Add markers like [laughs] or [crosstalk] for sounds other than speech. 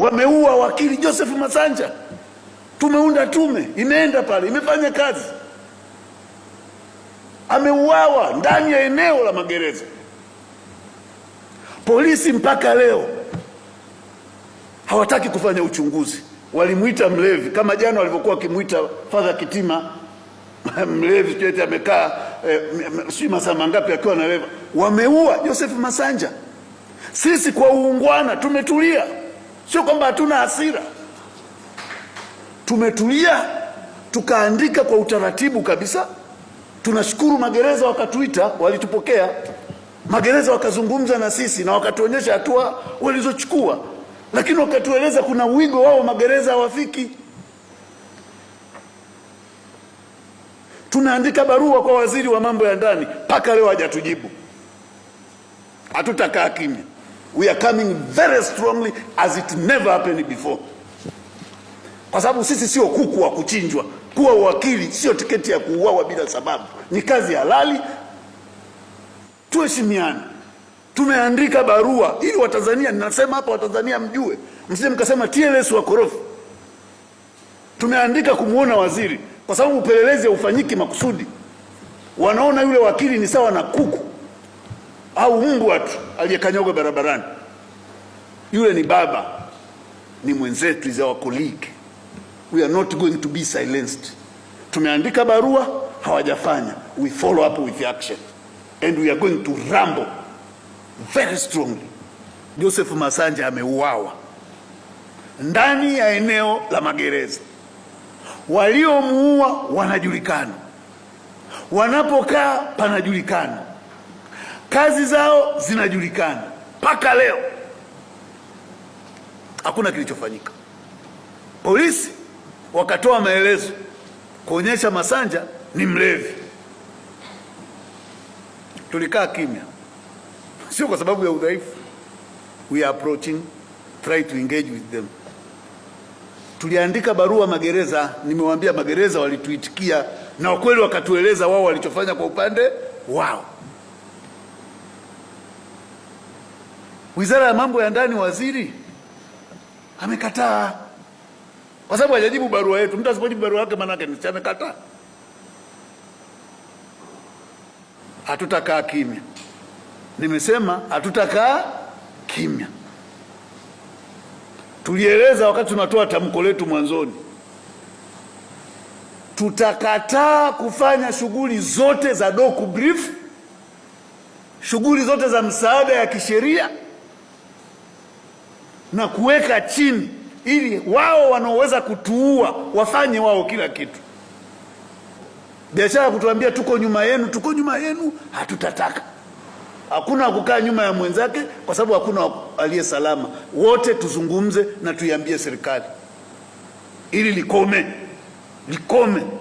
wameua wakili Joseph Masanja. Tumeunda tume, imeenda pale, imefanya kazi. Ameuawa ndani ya eneo la magereza. Polisi mpaka leo hawataki kufanya uchunguzi. Walimwita mlevi kama jana walivyokuwa wakimwita Father Kitima [laughs] mlevi, sijui amekaa eh, sijui masaa mangapi akiwa leva. Wameua Joseph Masanja. Sisi kwa uungwana tumetulia. Sio kwamba hatuna hasira, tumetulia tukaandika kwa utaratibu kabisa. Tunashukuru magereza wakatuita, walitupokea magereza, wakazungumza na sisi na wakatuonyesha hatua walizochukua, lakini wakatueleza kuna wigo wao magereza hawafiki. Tunaandika barua kwa waziri wa mambo ya ndani, mpaka leo hajatujibu. Hatutakaa kimya. We are coming very strongly as it never happened before, kwa sababu sisi sio kuku wa kuchinjwa. Kuwa wakili sio tiketi ya kuuawa bila sababu, ni kazi halali. Tuheshimiane. Tumeandika barua ili Watanzania, ninasema hapa Watanzania mjue, msije mkasema TLS wakorofi. Tumeandika kumwona waziri, kwa sababu upelelezi haufanyiki makusudi. Wanaona yule wakili ni sawa na kuku au mbwa tu aliyekanyagwa barabarani, yule ni baba, ni mwenzetu, is our colleague. We are not going to be silenced. Tumeandika barua hawajafanya, we follow up with action and we are going to rumble very strongly. Joseph Masanja ameuawa ndani ya eneo la magereza. Waliomuua wanajulikana, wanapokaa panajulikana kazi zao zinajulikana mpaka leo, hakuna kilichofanyika. Polisi wakatoa maelezo kuonyesha Masanja ni mlevi. Tulikaa kimya, [laughs] sio kwa sababu ya udhaifu, we are approaching try to engage with them. Tuliandika barua magereza, nimewaambia magereza walituitikia na kweli wakatueleza wao walichofanya kwa upande wao. Wizara ya mambo ya ndani, waziri amekataa kwa sababu hajajibu barua yetu. Mtu asipojibu barua yake, maana yake ni amekataa. Hatutakaa kimya, nimesema hatutakaa kimya. Tulieleza wakati tunatoa tamko letu mwanzoni, tutakataa kufanya shughuli zote za doku brief, shughuli zote za msaada ya kisheria na kuweka chini, ili wao wanaoweza kutuua wafanye wao kila kitu. Biashara ya kutuambia tuko nyuma yenu, tuko nyuma yenu, hatutataka. Hakuna kukaa nyuma ya mwenzake, kwa sababu hakuna aliye salama. Wote tuzungumze na tuiambie serikali ili likome, likome.